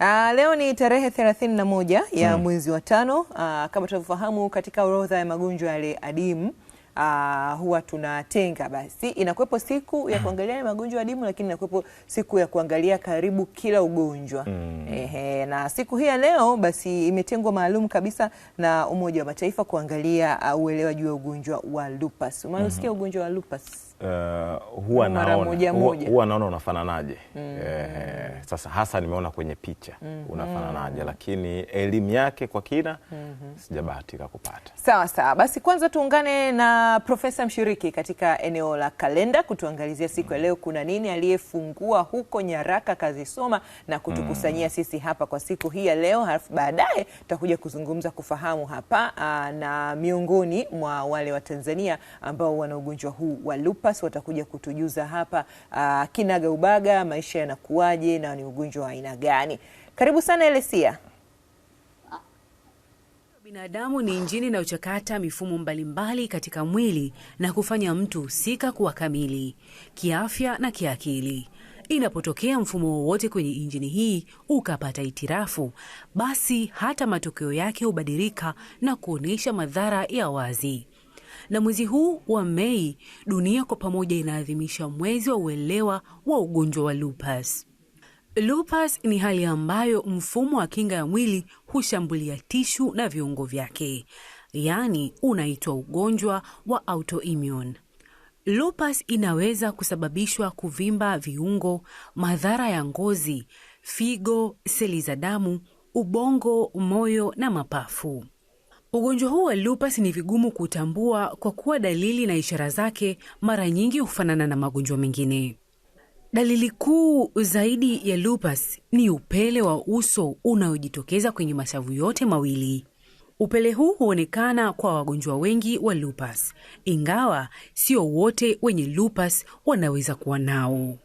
Uh, leo ni tarehe 31 ya mm. mwezi wa tano. Uh, kama tunavyofahamu katika orodha ya magonjwa yale adimu uh, huwa tunatenga basi, inakuwepo siku ya kuangalia magonjwa adimu, lakini inakuwepo siku ya kuangalia karibu kila ugonjwa mm. Ehe, na siku hii ya leo basi imetengwa maalum kabisa na Umoja wa Mataifa kuangalia uh, uelewa juu ya ugonjwa wa lupus. -hmm. ugonjwa wa lupus? uh, huwa naona huwa naona unafananaje? mm. E, sasa hasa nimeona kwenye picha mm. unafananaje, lakini elimu yake kwa kina mm -hmm. sijabahatika kupata. Sawa sawa, basi kwanza tuungane na Profesa mshiriki katika eneo la kalenda kutuangalizia siku ya mm. leo kuna nini, aliyefungua huko nyaraka kazisoma na kutukusanyia mm. sisi hapa kwa siku hii ya leo, halafu baadaye tutakuja kuzungumza kufahamu hapa uh, na miongoni mwa wale wa Tanzania ambao wana ugonjwa huu wa lupa Cleopas watakuja kutujuza hapa uh, kinaga ubaga maisha yanakuwaje na ni ugonjwa wa aina gani. Karibu sana Elesia. Binadamu ni injini inayochakata mifumo mbalimbali mbali katika mwili na kufanya mtu husika kuwa kamili kiafya na kiakili. Inapotokea mfumo wowote kwenye injini hii ukapata itirafu basi hata matokeo yake hubadilika na kuonyesha madhara ya wazi. Na mwezi huu wa Mei, dunia kwa pamoja inaadhimisha mwezi wa uelewa wa ugonjwa wa lupus. Lupus ni hali ambayo mfumo wa kinga ya mwili hushambulia tishu na viungo vyake, yaani unaitwa ugonjwa wa autoimmune. Lupus inaweza kusababishwa kuvimba viungo, madhara ya ngozi, figo, seli za damu, ubongo, moyo na mapafu. Ugonjwa huu wa lupus ni vigumu kutambua kwa kuwa dalili na ishara zake mara nyingi hufanana na magonjwa mengine. Dalili kuu zaidi ya lupus ni upele wa uso unaojitokeza kwenye mashavu yote mawili. Upele huu huonekana kwa wagonjwa wengi wa lupus, ingawa sio wote wenye lupus wanaweza kuwa nao.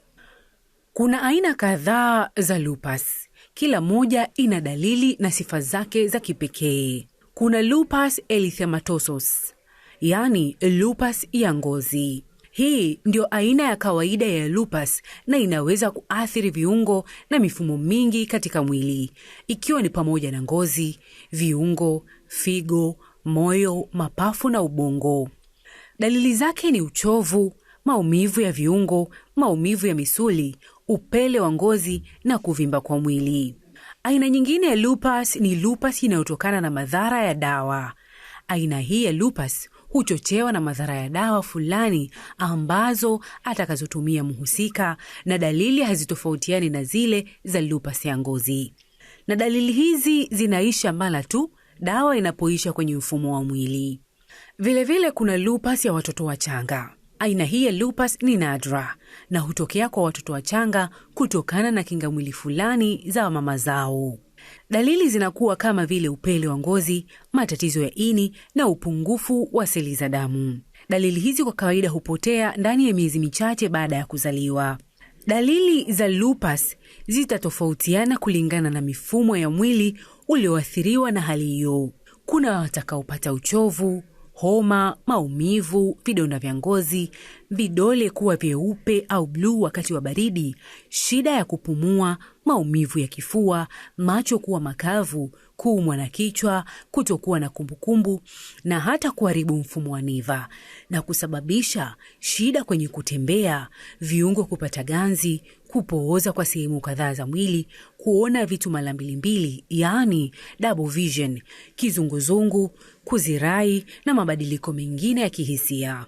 Kuna aina kadhaa za lupus, kila moja ina dalili na sifa zake za kipekee kuna lupus elithematosus yaani lupus ya ngozi. Hii ndio aina ya kawaida ya lupus na inaweza kuathiri viungo na mifumo mingi katika mwili, ikiwa ni pamoja na ngozi, viungo, figo, moyo, mapafu na ubongo. Dalili zake ni uchovu, maumivu ya viungo, maumivu ya misuli, upele wa ngozi na kuvimba kwa mwili. Aina nyingine ya lupus ni lupus inayotokana na madhara ya dawa. Aina hii ya lupus huchochewa na madhara ya dawa fulani ambazo atakazotumia mhusika, na dalili hazitofautiani na zile za lupus ya ngozi, na dalili hizi zinaisha mara tu dawa inapoisha kwenye mfumo wa mwili. Vilevile vile kuna lupus ya watoto wachanga. Aina hii ya lupus ni nadra na hutokea kwa watoto wachanga kutokana na kingamwili fulani za mama zao. Dalili zinakuwa kama vile upele wa ngozi, matatizo ya ini na upungufu wa seli za damu. Dalili hizi kwa kawaida hupotea ndani ya miezi michache baada ya kuzaliwa. Dalili za lupus zitatofautiana kulingana na mifumo ya mwili ulioathiriwa na hali hiyo. Kuna watakaopata uchovu, homa, maumivu, vidonda vya ngozi, vidole kuwa vyeupe au bluu wakati wa baridi, shida ya kupumua, maumivu ya kifua, macho kuwa makavu, kuumwa na kichwa, kutokuwa na kumbukumbu na hata kuharibu mfumo wa neva na kusababisha shida kwenye kutembea, viungo kupata ganzi, kupooza kwa sehemu kadhaa za mwili, kuona vitu mara mbilimbili yaani double vision, kizunguzungu, kuzirai na mabadiliko mengine ya kihisia.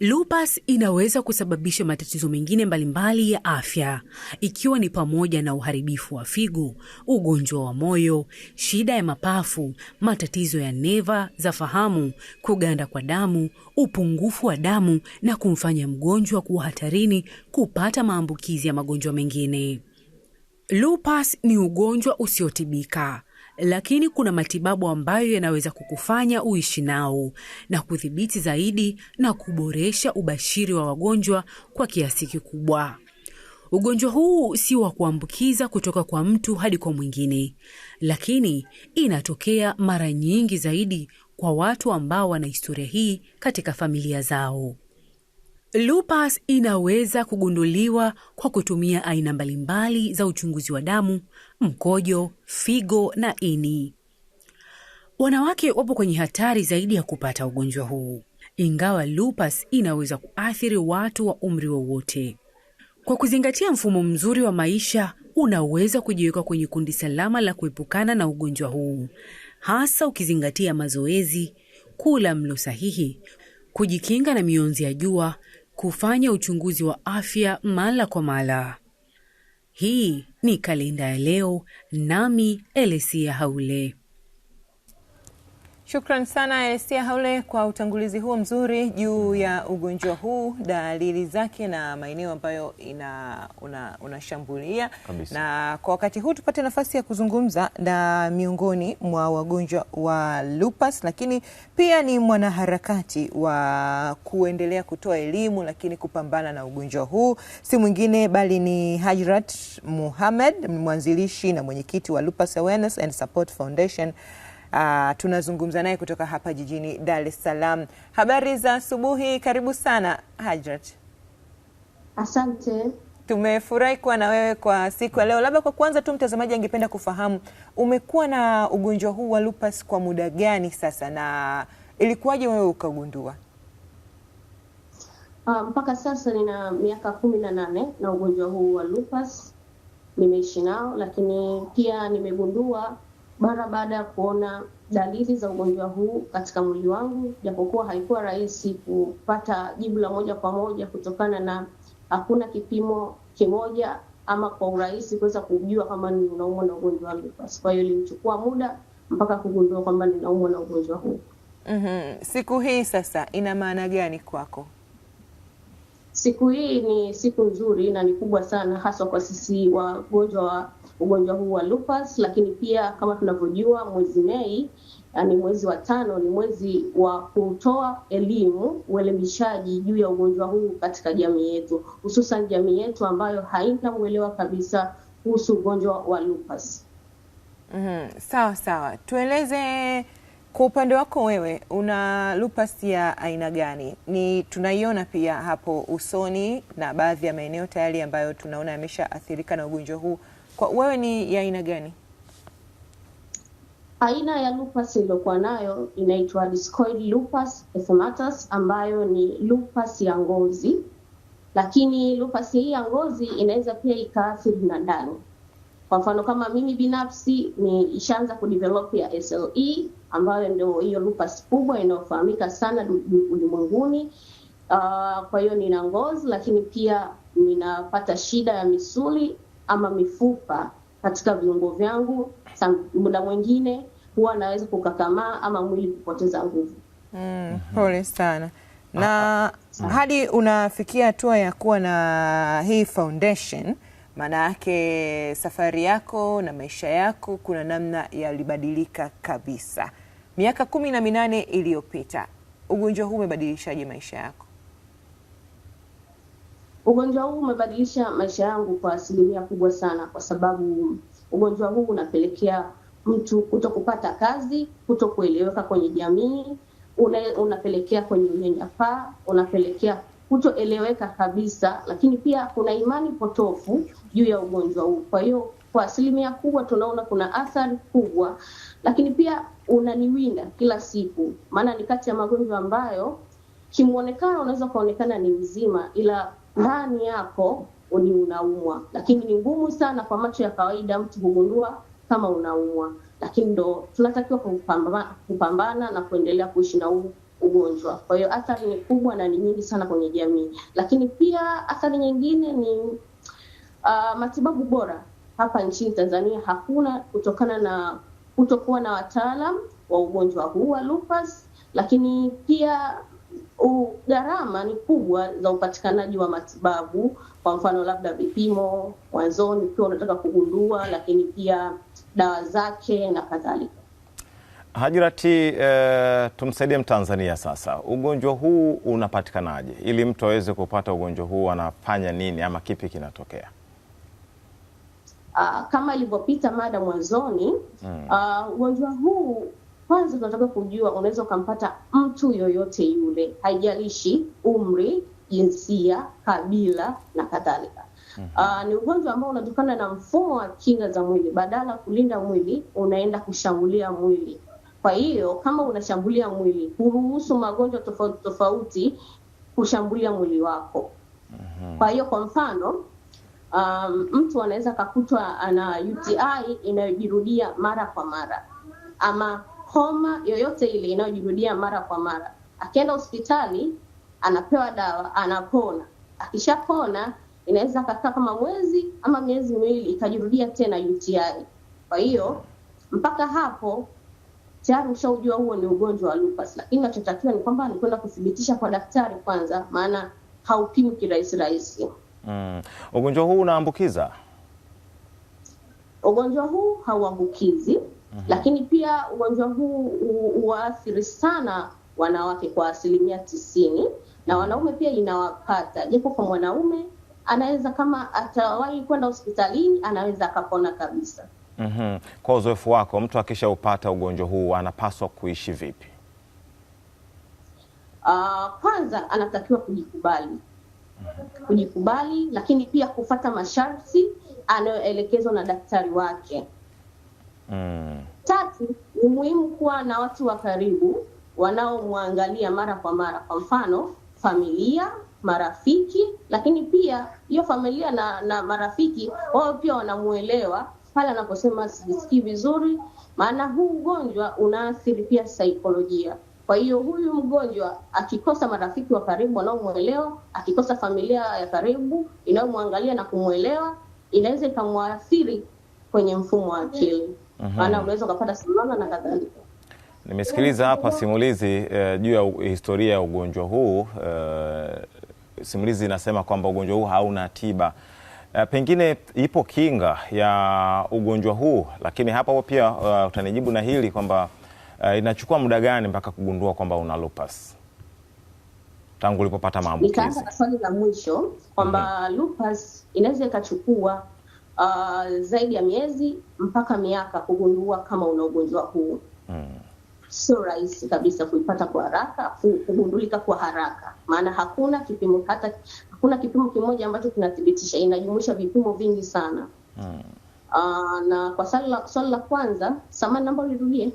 Lupus inaweza kusababisha matatizo mengine mbalimbali ya afya ikiwa ni pamoja na uharibifu wa figo, ugonjwa wa moyo, shida ya mapafu, matatizo ya neva za fahamu, kuganda kwa damu, upungufu wa damu na kumfanya mgonjwa kuwa hatarini kupata maambukizi ya magonjwa mengine. Lupus ni ugonjwa usiotibika lakini kuna matibabu ambayo yanaweza kukufanya uishi nao na kudhibiti zaidi na kuboresha ubashiri wa wagonjwa kwa kiasi kikubwa. Ugonjwa huu si wa kuambukiza kutoka kwa mtu hadi kwa mwingine, lakini inatokea mara nyingi zaidi kwa watu ambao wana historia hii katika familia zao. Lupus inaweza kugunduliwa kwa kutumia aina mbalimbali za uchunguzi wa damu, mkojo, figo na ini. Wanawake wapo kwenye hatari zaidi ya kupata ugonjwa huu, ingawa lupus inaweza kuathiri watu wa umri wowote. Kwa kuzingatia mfumo mzuri wa maisha, unaweza kujiweka kwenye kundi salama la kuepukana na ugonjwa huu, hasa ukizingatia mazoezi, kula mlo sahihi, kujikinga na mionzi ya jua kufanya uchunguzi wa afya mala kwa mala Hii ni kalenda ya leo, nami Elesia Haule. Shukran sana Elestia Haule kwa utangulizi huo mzuri juu ya ugonjwa huu, dalili zake na maeneo ambayo unashambulia una na kwa wakati huu tupate nafasi ya kuzungumza na miongoni mwa wagonjwa wa lupus, lakini pia ni mwanaharakati wa kuendelea kutoa elimu lakini kupambana na ugonjwa huu, si mwingine bali ni Hajrat Mohamed, mwanzilishi na mwenyekiti wa Lupus Awareness and Support Foundation Uh, tunazungumza naye kutoka hapa jijini Dar es Salaam. Habari za asubuhi, karibu sana Hajrat. Asante. Tumefurahi kuwa na wewe kwa siku ya leo. Labda kwa kwanza tu mtazamaji angependa kufahamu umekuwa na ugonjwa huu wa lupus kwa muda gani sasa, na ilikuwaje wewe ukagundua? Uh, mpaka sasa nina miaka kumi na nane na ugonjwa huu wa lupus nimeishi nao, lakini pia nimegundua mara baada ya kuona dalili za ugonjwa huu katika mwili wangu, japokuwa haikuwa rahisi kupata jibu la moja kwa moja kutokana na hakuna kipimo kimoja ama kwa urahisi kuweza kujua kwamba ninaumwa na ugonjwa wa lupus. Kwa hiyo ilinichukua muda mpaka kugundua kwamba ninaumwa na ugonjwa huu. mm -hmm. Siku hii sasa ina maana gani kwako? Siku hii ni siku nzuri na ni kubwa sana, haswa kwa sisi wagonjwa wa ugonjwa huu wa lupus, lakini pia kama tunavyojua mwezi Mei eh, ni mwezi wa tano, ni mwezi wa kutoa elimu, uelimishaji juu ya ugonjwa huu katika jamii yetu, hususan jamii yetu ambayo haina mwelewa kabisa kuhusu ugonjwa wa lupus. Mm -hmm. Sawa sawa, tueleze kwa upande wako wewe, una lupus ya aina gani? Ni tunaiona pia hapo usoni na baadhi ya maeneo tayari ambayo tunaona yameshaathirika na ugonjwa huu kwa wewe ni ya aina gani? Aina ya lupus iliyokuwa nayo inaitwa discoid lupus erythematosus, ambayo ni lupus ya ngozi, lakini lupus hii ya ngozi inaweza pia ikaathiri na ndani. Kwa mfano kama mimi binafsi nishaanza kudevelop ya SLE ambayo ndio hiyo lupus kubwa inayofahamika sana ulimwenguni. Uh, kwa hiyo nina ngozi, lakini pia ninapata shida ya misuli ama mifupa katika viungo vyangu. Muda mwingine huwa naweza kukakamaa ama mwili kupoteza nguvu. Mm, pole sana ah, na ah, ah. hadi unafikia hatua ya kuwa na hii foundation, maana yake safari yako na maisha yako kuna namna yalibadilika kabisa. Miaka kumi na minane iliyopita, ugonjwa huu umebadilishaje maisha yako? Ugonjwa huu umebadilisha maisha yangu kwa asilimia kubwa sana, kwa sababu ugonjwa huu unapelekea mtu kuto kupata kazi, kuto kueleweka kwenye jamii, una, unapelekea kwenye unyanyapaa, unapelekea kutoeleweka kabisa, lakini pia kuna imani potofu juu ya ugonjwa huu. Kwa hiyo kwa asilimia kubwa tunaona kuna athari kubwa, lakini pia unaniwinda kila siku, maana ni kati ya magonjwa ambayo kimwonekano unaweza ukaonekana ni mzima, ila ndani yako ni unaumwa, lakini ni ngumu sana kwa macho ya kawaida mtu kugundua kama unaumwa, lakini ndo tunatakiwa kupambana, kupambana na kuendelea kuishi na huu ugonjwa. Kwa hiyo athari ni kubwa na ni nyingi sana kwenye jamii, lakini pia athari nyingine ni uh, matibabu bora hapa nchini Tanzania hakuna kutokana na kutokuwa na wataalam wa ugonjwa huu wa lupus, lakini pia gharama ni kubwa za upatikanaji wa matibabu, kwa mfano labda vipimo mwanzoni ukiwa unataka kugundua, lakini pia dawa zake na kadhalika. Hajirati, e, tumsaidie Mtanzania sasa, ugonjwa huu unapatikanaje? Ili mtu aweze kupata ugonjwa huu anafanya nini ama kipi kinatokea? Uh, kama ilivyopita mada mwanzoni, hmm. Ah, ugonjwa huu kwanza tunataka kujua, unaweza ukampata mtu yoyote yule, haijalishi umri, jinsia, kabila na kadhalika. Mm -hmm. Uh, ni ugonjwa ambao unatokana na mfumo wa kinga za mwili. Badala ya kulinda mwili, unaenda kushambulia mwili. Kwa hiyo kama unashambulia mwili, huruhusu magonjwa tofauti tofauti kushambulia mwili wako. Mm -hmm. Kwa hiyo kwa mfano um, mtu anaweza akakutwa ana UTI inayojirudia mara kwa mara ama homa yoyote ile inayojirudia mara kwa mara. Akienda hospitali anapewa dawa, anapona. Akishapona inaweza akakaa kama mwezi ama miezi miwili ikajirudia tena UTI. Kwa hiyo mpaka hapo tayari ushaujua huo ni ugonjwa wa lupus, lakini nachotakiwa ni kwamba ni kwenda kuthibitisha kwa daktari kwanza, maana haupimi kirahisi rahisi. Mm. Ugonjwa huu unaambukiza? Ugonjwa huu hauambukizi Mhm. Lakini pia ugonjwa huu huwaathiri sana wanawake kwa asilimia tisini na mhm. wanaume pia inawapata, japo kwa mwanaume anaweza kama atawahi kwenda hospitalini anaweza akapona kabisa. mm -hmm. Kwa uzoefu wako, mtu akishaupata ugonjwa huu anapaswa kuishi vipi? Uh, kwanza anatakiwa kujikubali. Mhm. Kujikubali, lakini pia kufata masharti anayoelekezwa na daktari wake Mm. Tatu, ni muhimu kuwa na watu wa karibu wanaomwangalia mara kwa mara, kwa mfano familia, marafiki, lakini pia hiyo familia na, na marafiki wao pia wanamuelewa pale anaposema sijisikii vizuri, maana huu ugonjwa unaathiri pia saikolojia. Kwa hiyo huyu mgonjwa akikosa marafiki wa karibu wanaomwelewa, akikosa familia ya karibu inayomwangalia na kumwelewa, inaweza ikamwathiri kwenye mfumo wa akili maana unaweza ukapata sindano na kadhalika. Nimesikiliza yaani hapa simulizi eh, juu ya historia ya ugonjwa huu eh, simulizi inasema kwamba ugonjwa huu hauna tiba eh, pengine ipo kinga ya ugonjwa huu, lakini hapa pia uh, utanijibu na hili kwamba uh, inachukua muda gani mpaka kugundua kwamba una lupus tangu ulipopata maambukizi? Nikaanza na swali la mwisho kwamba mm -hmm. lupus inaweza ikachukua uh, zaidi ya miezi mpaka miaka kugundua kama una ugonjwa huu mm. Sio rahisi kabisa kuipata kwa haraka, kugundulika kwa haraka, maana hakuna kipimo hata hakuna kipimo kimoja ambacho kinathibitisha, inajumuisha vipimo vingi sana mm. Uh, na kwa swali la kwanza, samani, namba ulirudie.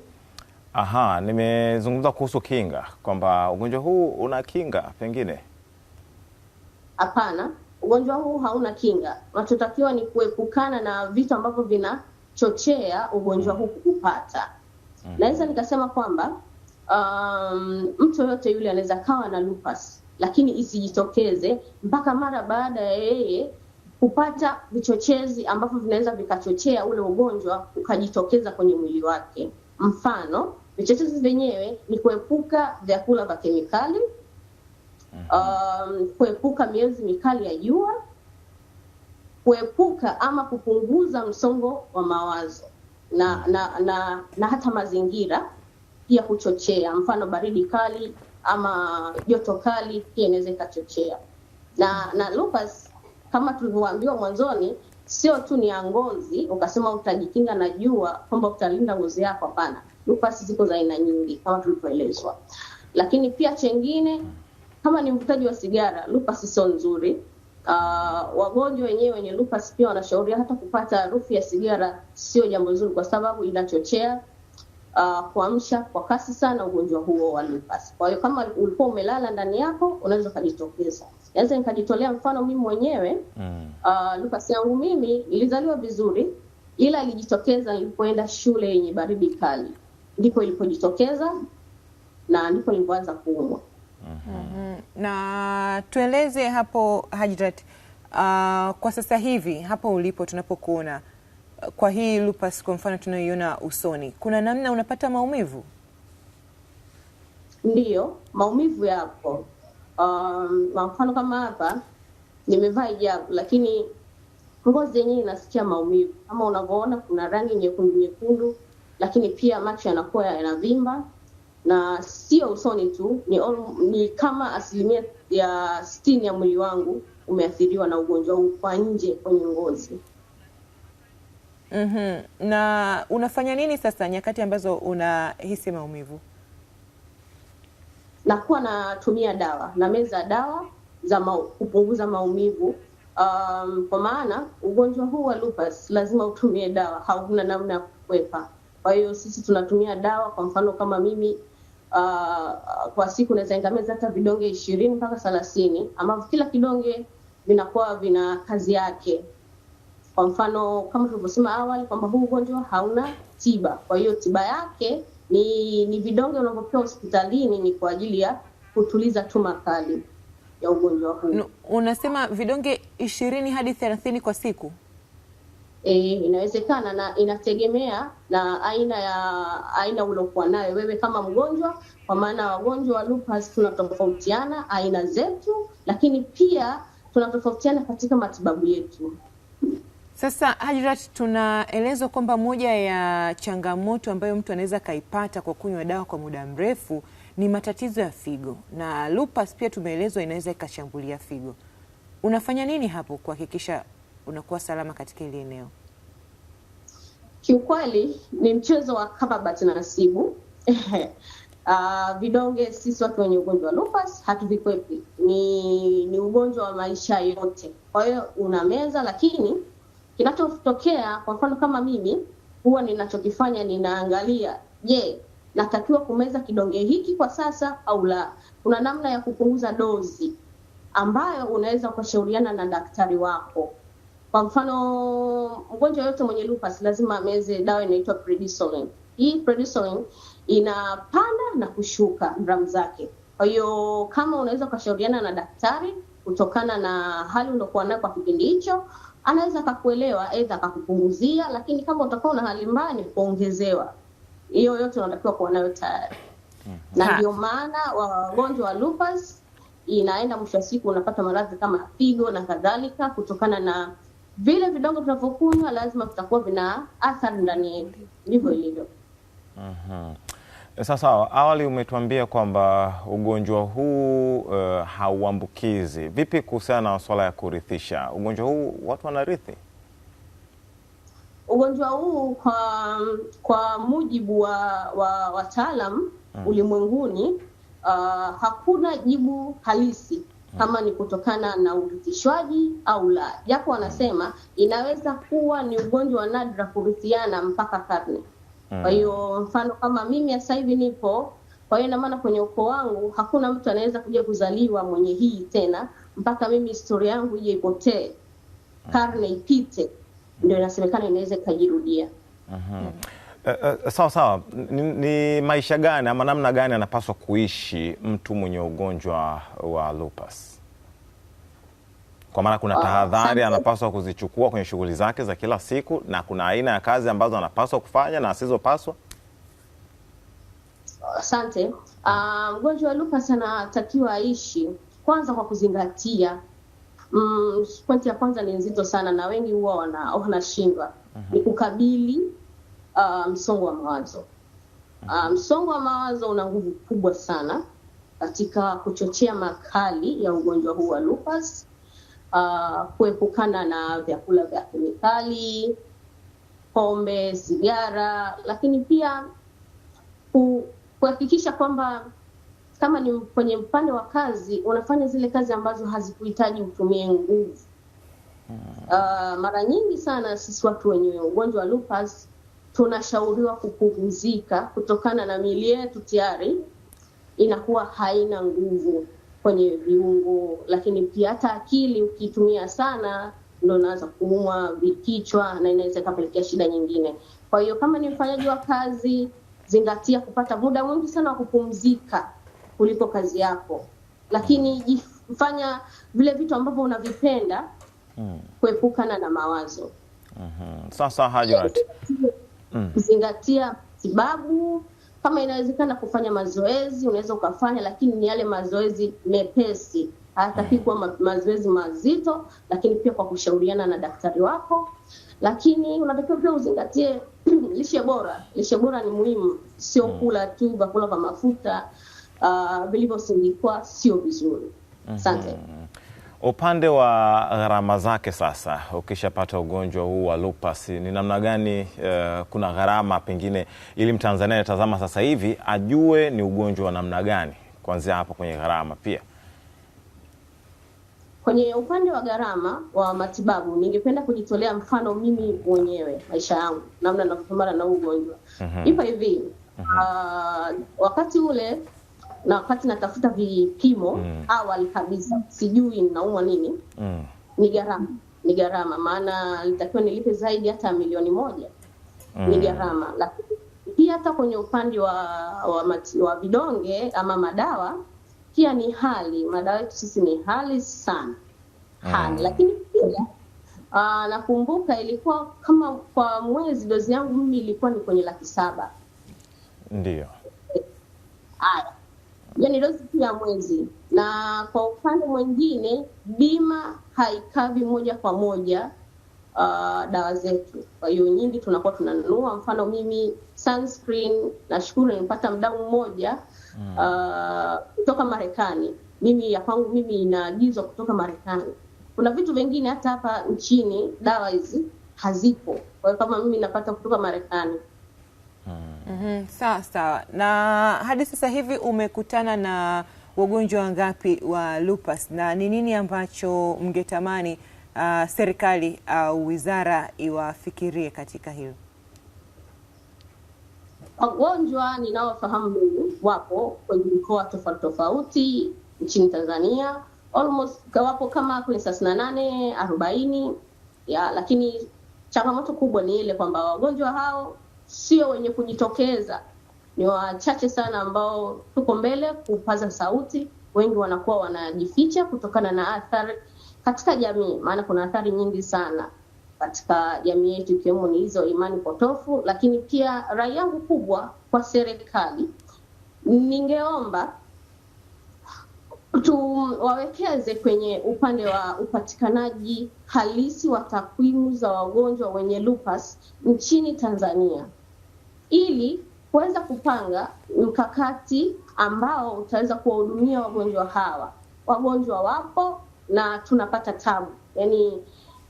Aha, nimezungumza kuhusu kinga kwamba ugonjwa huu una kinga pengine. Hapana ugonjwa huu hauna kinga. Unachotakiwa ni kuepukana na vitu ambavyo vinachochea ugonjwa huu kupata. Mm. Naweza nikasema kwamba um, mtu yoyote yule anaweza kawa na lupus, lakini isijitokeze mpaka mara baada ya yeye kupata vichochezi ambavyo vinaweza vikachochea ule ugonjwa ukajitokeza kwenye mwili wake. Mfano, vichochezi vyenyewe ni kuepuka vyakula vya kemikali um, kuepuka miezi mikali ya jua, kuepuka ama kupunguza msongo wa mawazo na na, na, na hata mazingira pia huchochea, mfano baridi kali ama joto kali pia inaweza ikachochea. Na na lupus kama tulivyoambiwa mwanzoni, sio tu ni ya ngozi, ukasema utajikinga na jua kwamba utalinda ngozi yako, hapana. ziko za aina nyingi kama tulivyoelezwa, lakini pia chengine kama ni mvutaji wa sigara, lupus sio nzuri. Uh, wagonjwa wenyewe wenye lupus pia wanashauri hata kupata harufu ya sigara sio jambo zuri, kwa sababu inachochea uh, kuamsha kwa kasi sana ugonjwa huo wa lupus. Kwa hiyo kama ulikuwa umelala ndani yako, unaweza ukajitokeza. Naweza nikajitolea mfano mimi mwenyewe mm. Uh, lupus yangu mimi ilizaliwa vizuri, ila ilijitokeza nilipoenda shule yenye baridi kali, ndipo ilipojitokeza na ndipo nilipoanza kuumwa. Mm-hmm. Na tueleze hapo Hajrat, uh, kwa sasa hivi hapo ulipo tunapokuona uh, kwa hii lupus kwa mfano tunayoiona usoni, kuna namna unapata maumivu? Ndiyo, maumivu yapo. Um, kwa mfano kama hapa nimevaa hijabu, lakini ngozi yenyewe inasikia maumivu kama unavyoona, kuna rangi nyekundu nyekundu, lakini pia macho yanakuwa yanavimba na sio usoni tu, ni, ni kama asilimia ya stini ya mwili wangu umeathiriwa na ugonjwa huu kwa nje kwenye ngozi. mm -hmm. Na unafanya nini sasa nyakati ambazo unahisi maumivu? Nakuwa natumia dawa na meza dawa za mau, kupunguza maumivu um, kwa maana ugonjwa huu wa lupus lazima utumie dawa, hauna namna ya kukwepa. Kwa hiyo sisi tunatumia dawa, kwa mfano kama mimi uh, kwa siku unaweza ingamiza hata vidonge ishirini mpaka thelathini ambavyo kila kidonge vinakuwa vina kazi yake. Kwa mfano kama tulivyosema awali kwamba huu ugonjwa hauna tiba, kwa hiyo tiba yake ni, ni vidonge unavyopewa hospitalini ni kwa ajili ya kutuliza tu makali ya ugonjwa huu. Unasema vidonge ishirini hadi thelathini kwa siku? E, inawezekana na inategemea na aina ya aina uliokuwa nayo wewe kama mgonjwa, kwa maana wagonjwa wa lupus tunatofautiana aina zetu, lakini pia tunatofautiana katika matibabu yetu. Sasa Hajrat, tunaelezwa kwamba moja ya changamoto ambayo mtu anaweza akaipata kwa kunywa dawa kwa muda mrefu ni matatizo ya figo, na lupus pia tumeelezwa inaweza ikashambulia figo. Unafanya nini hapo kuhakikisha unakuwa salama katika hili eneo? Kiukweli ni mchezo wa kama bahati na nasibu. Uh, vidonge sisi watu wenye ugonjwa wa lupus hatuvikwepi, ni ni ugonjwa wa maisha yote. Kwa hiyo unameza, lakini kinachotokea kwa mfano kama mimi, huwa ninachokifanya ninaangalia, je, natakiwa kumeza kidonge hiki kwa sasa au la? Kuna namna ya kupunguza dozi ambayo unaweza ukashauriana na daktari wako kwa mfano mgonjwa yote mwenye lupus lazima ameze dawa inaitwa prednisolone. Hii prednisolone inapanda na kushuka gramu zake. Kwa hiyo kama unaweza ukashauriana na daktari kutokana na hali uliokuwa nayo kwa kipindi hicho, anaweza akakuelewa, aidha akakupunguzia, lakini kama utakuwa una hali mbaya ni kuongezewa. Hiyo yote unatakiwa kuwa nayo tayari, mm-hmm. na ndio maana wagonjwa wa lupus inaenda mwisho wa siku unapata maradhi kama figo na kadhalika, kutokana na vile vidongo tunavyokunywa lazima vitakuwa vina athari ndani yetu, ndivyo ilivyo. mm Sasa awali umetuambia kwamba ugonjwa huu uh, hauambukizi. Vipi kuhusiana na swala ya kurithisha? Ugonjwa huu watu wanarithi? Ugonjwa huu kwa, kwa mujibu wa wataalam wa mm. ulimwenguni, uh, hakuna jibu halisi kama ni kutokana na urithishwaji au la, japo wanasema inaweza kuwa ni ugonjwa wa nadra kurithiana mpaka karne. Hmm. Kwa hiyo mfano kama mimi sasa hivi nipo, kwa hiyo inamaana kwenye ukoo wangu hakuna mtu anaweza kuja kuzaliwa mwenye hii tena mpaka mimi historia yangu ije ipotee, hmm. karne ipite, ndio inasemekana inaweza ikajirudia. Hmm. Uh, uh, sawa sawa. Ni, ni maisha gani ama namna gani anapaswa kuishi mtu mwenye ugonjwa wa lupus? Kwa maana kuna ah, tahadhari anapaswa kuzichukua kwenye shughuli zake za kila siku na kuna aina ya kazi ambazo anapaswa kufanya na asizopaswa. Asante. Uh, mgonjwa wa lupus anatakiwa aishi kwanza kwa kuzingatia mm, pointi ya kwanza ni nzito sana na wengi huwa wanashindwa wana ni mhm. kukabili uh, msongo wa mawazo. Uh, msongo wa mawazo una nguvu kubwa sana katika kuchochea makali ya ugonjwa huu wa lupus, uh, kuepukana na vyakula vya kemikali, pombe, sigara, lakini pia kuhakikisha kwamba kama ni kwenye upande wa kazi unafanya zile kazi ambazo hazikuhitaji utumie nguvu. Uh, mara nyingi sana sisi watu wenye ugonjwa wa lupus tunashauriwa kupumzika kutokana na miili yetu tayari inakuwa haina nguvu kwenye viungo, lakini pia hata akili ukitumia sana ndo naanza kuumwa kichwa na inaweza ikapelekea shida nyingine. Kwa hiyo kama ni mfanyaji wa kazi, zingatia kupata muda mwingi sana wa kupumzika kuliko kazi yako, lakini fanya vile vitu ambavyo unavipenda, mm. kuepukana na mawazo. Mm-hmm. Sasa Mm. kuzingatia matibabu, kama inawezekana kufanya mazoezi unaweza ukafanya, lakini ni yale mazoezi mepesi, mm. kuwa mazoezi mazito, lakini pia kwa kushauriana na daktari wako. Lakini unatakiwa pia uzingatie lishe bora. Lishe bora ni muhimu, sio mm. kula tu vyakula vya mafuta ah, vilivyosindikwa, uh, sio vizuri. Mm-hmm. Asante. Mm-hmm. Upande wa gharama zake sasa, ukishapata ugonjwa huu wa lupus ni namna gani? Uh, kuna gharama pengine, ili mtanzania anatazama sasa hivi ajue ni ugonjwa wa namna gani, kuanzia hapo kwenye gharama. Pia kwenye upande wa gharama wa matibabu, ningependa kujitolea mfano mimi mwenyewe, maisha yangu, namna ninavyopambana na ugonjwa. mm -hmm. Ipo hivi Uh, wakati ule na wakati natafuta vipimo mm. awali kabisa, sijui ninaumwa nini mm. ni gharama, ni gharama, maana litakiwa nilipe zaidi hata milioni moja mm. ni gharama, lakini pia hata kwenye upande wa, wa, mati, wa vidonge ama madawa pia ni hali, madawa yetu sisi ni hali sana hali mm. lakini pia Uh, nakumbuka ilikuwa kama kwa mwezi dozi yangu mimi ilikuwa ni kwenye laki saba. Ndio. Haya yani dozi kila mwezi, na kwa upande mwingine bima haikavi moja kwa moja uh, dawa zetu. Kwa hiyo nyingi tunakuwa tunanunua, mfano mimi sunscreen nashukuru nimepata mdau mmoja mm. uh, kutoka uh, Marekani. Mimi ya kwangu mimi inaagizwa kutoka Marekani. Kuna vitu vingine hata hapa nchini dawa hizi hazipo, kwa hiyo kama mimi napata kutoka Marekani mm -hmm. Sawa sawa. Na hadi sasa hivi umekutana na wagonjwa wangapi wa lupus na ni nini ambacho mngetamani uh, serikali au uh, wizara iwafikirie katika hilo? Wagonjwa ninaofahamu wapo kwenye mikoa tofauti tofauti nchini Tanzania almost wapo kama kwenye thelathini na nane arobaini ya, lakini changamoto kubwa ni ile kwamba wagonjwa hao sio wenye kujitokeza, ni wachache sana ambao tuko mbele kupaza sauti. Wengi wanakuwa wanajificha kutokana na athari katika jamii, maana kuna athari nyingi sana katika jamii yetu, ikiwemo ni hizo imani potofu. Lakini pia rai yangu kubwa kwa serikali, ningeomba tuwawekeze kwenye upande wa upatikanaji halisi wa takwimu za wagonjwa wenye lupus nchini Tanzania ili kuweza kupanga mkakati ambao utaweza kuwahudumia wagonjwa hawa. Wagonjwa wapo na tunapata tabu, yani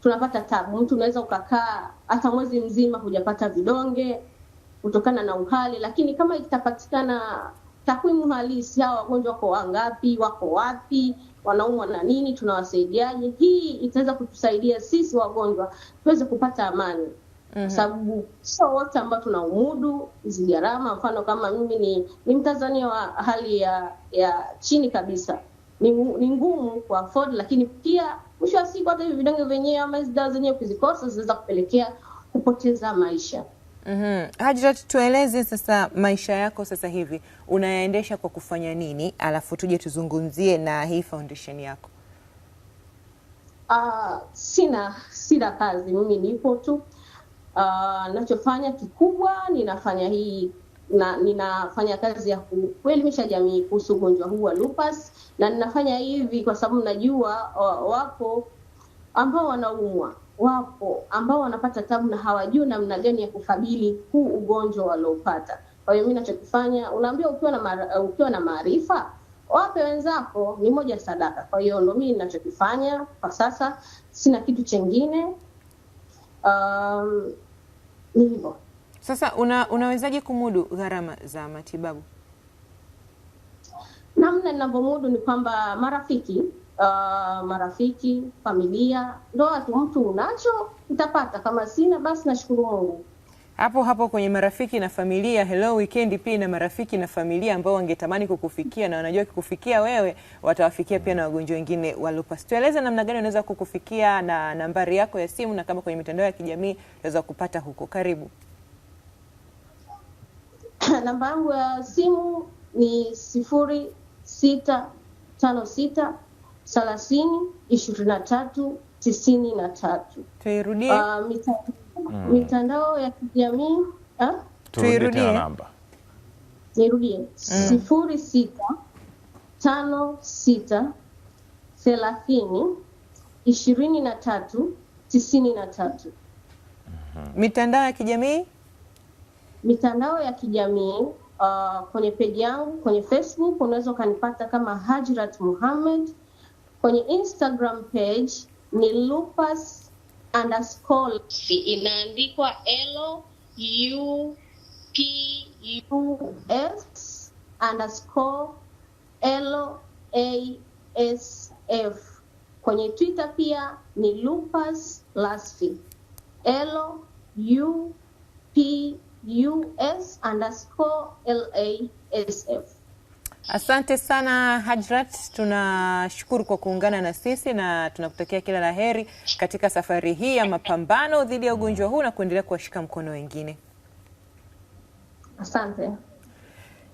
tunapata tabu. Mtu unaweza ukakaa hata mwezi mzima hujapata vidonge kutokana na uhali, lakini kama itapatikana takwimu halisi, hawa wagonjwa wako wangapi, wako wapi, wanaumwa na nini, tunawasaidiaje, hii itaweza kutusaidia sisi wagonjwa tuweze kupata amani. -hmm. Sababu sio wote ambao tuna umudu hizi gharama. Mfano kama mimi ni, ni Mtanzania wa hali ya ya chini kabisa, ni, ni ngumu kwa afford, lakini pia mwisho wa siku hata hivi vidonge vyenyewe ama hizi dawa zenyewe kuzikosa zinaweza kupelekea kupoteza maisha. Mm -hmm. Hajrat, tueleze sasa maisha yako sasa hivi unayaendesha kwa kufanya nini, alafu tuje tuzungumzie na hii foundation yako. Uh, sina sina kazi mimi, nipo tu Ah, ninachofanya uh, kikubwa ninafanya hii na ninafanya kazi ya kuelimisha jamii kuhusu ugonjwa huu wa lupus, na ninafanya hivi kwa sababu najua wapo ambao wanaumwa, wapo ambao wanapata tabu na hawajui namna gani ya kukabili huu ugonjwa waliopata. Kwa hiyo mimi ninachokifanya, unaambia ukiwa na ukiwa na maarifa wape wenzako, ni moja sadaka. Kwa hiyo ndo mimi ninachokifanya kwa sasa, sina kitu chengine um, ni hivyo. Sasa una, unawezaje kumudu gharama za matibabu? Namna ninavyomudu ni kwamba marafiki Uh, marafiki, familia, ndo watu mtu unacho utapata, kama sina basi nashukuru Mungu. Hapo hapo kwenye marafiki na familia, hello weekend pia na marafiki na familia ambao wangetamani kukufikia na wanajua kukufikia wewe watawafikia pia na wagonjwa wengine wa lupus. Tueleze namna gani unaweza kukufikia na nambari yako ya simu, na kama kwenye mitandao ya kijamii unaweza kupata huko. Karibu. Namba yangu ya simu ni sifuri sita tano sita thelathini ishirini na tatu tisini na tatu. Tuirudie. Uh, mm. mitandao ya kijamii tuirudie namba nirudie mm. sifuri sita tano sita thelathini ishirini na tatu tisini na tatu mm-hmm. mitandao ya kijamii mitandao ya kijamii uh, kwenye peji yangu kwenye Facebook unaweza ukanipata kama Hajrat muhammed Kwenye Instagram page ni Lupas underscore inaandikwa L underscore Kwenye Twitter pia ni Lupus Lasfi lupus underscore lasf Asante sana Hajrat, tunashukuru kwa kuungana na sisi na tunakutakia kila la heri katika safari hii ya mapambano dhidi ya ugonjwa huu na kuendelea kuwashika mkono wengine. Asante.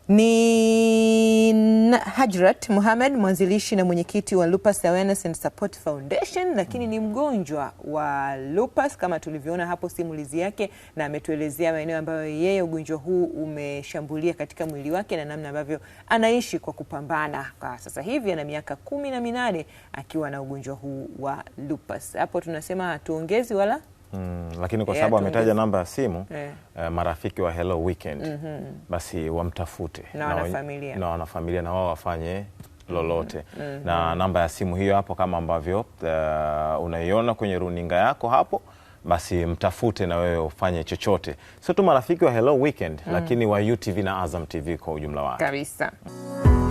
Ni Hajrat muhamed mwanzilishi na mwenyekiti wa Lupus Awareness and Support Foundation, lakini ni mgonjwa wa lupus kama tulivyoona hapo simulizi yake, na ametuelezea maeneo ambayo yeye ugonjwa huu umeshambulia katika mwili wake na namna ambavyo anaishi kwa kupambana. Kwa sasa hivi ana miaka kumi na minane akiwa na ugonjwa huu wa lupus. Hapo tunasema hatuongezi wala Mm, lakini kwa eh, sababu ametaja namba ya simu yeah. Uh, eh, marafiki wa Hello Weekend mm -hmm. Basi wamtafute na wanafamilia na na wao wafanye lolote mm -hmm. Na namba ya simu hiyo hapo kama ambavyo uh, unaiona kwenye runinga yako hapo basi mtafute na wewe ufanye chochote, sio tu marafiki wa Hello Weekend mm -hmm. Lakini wa UTV na Azam TV kwa ujumla wake kabisa.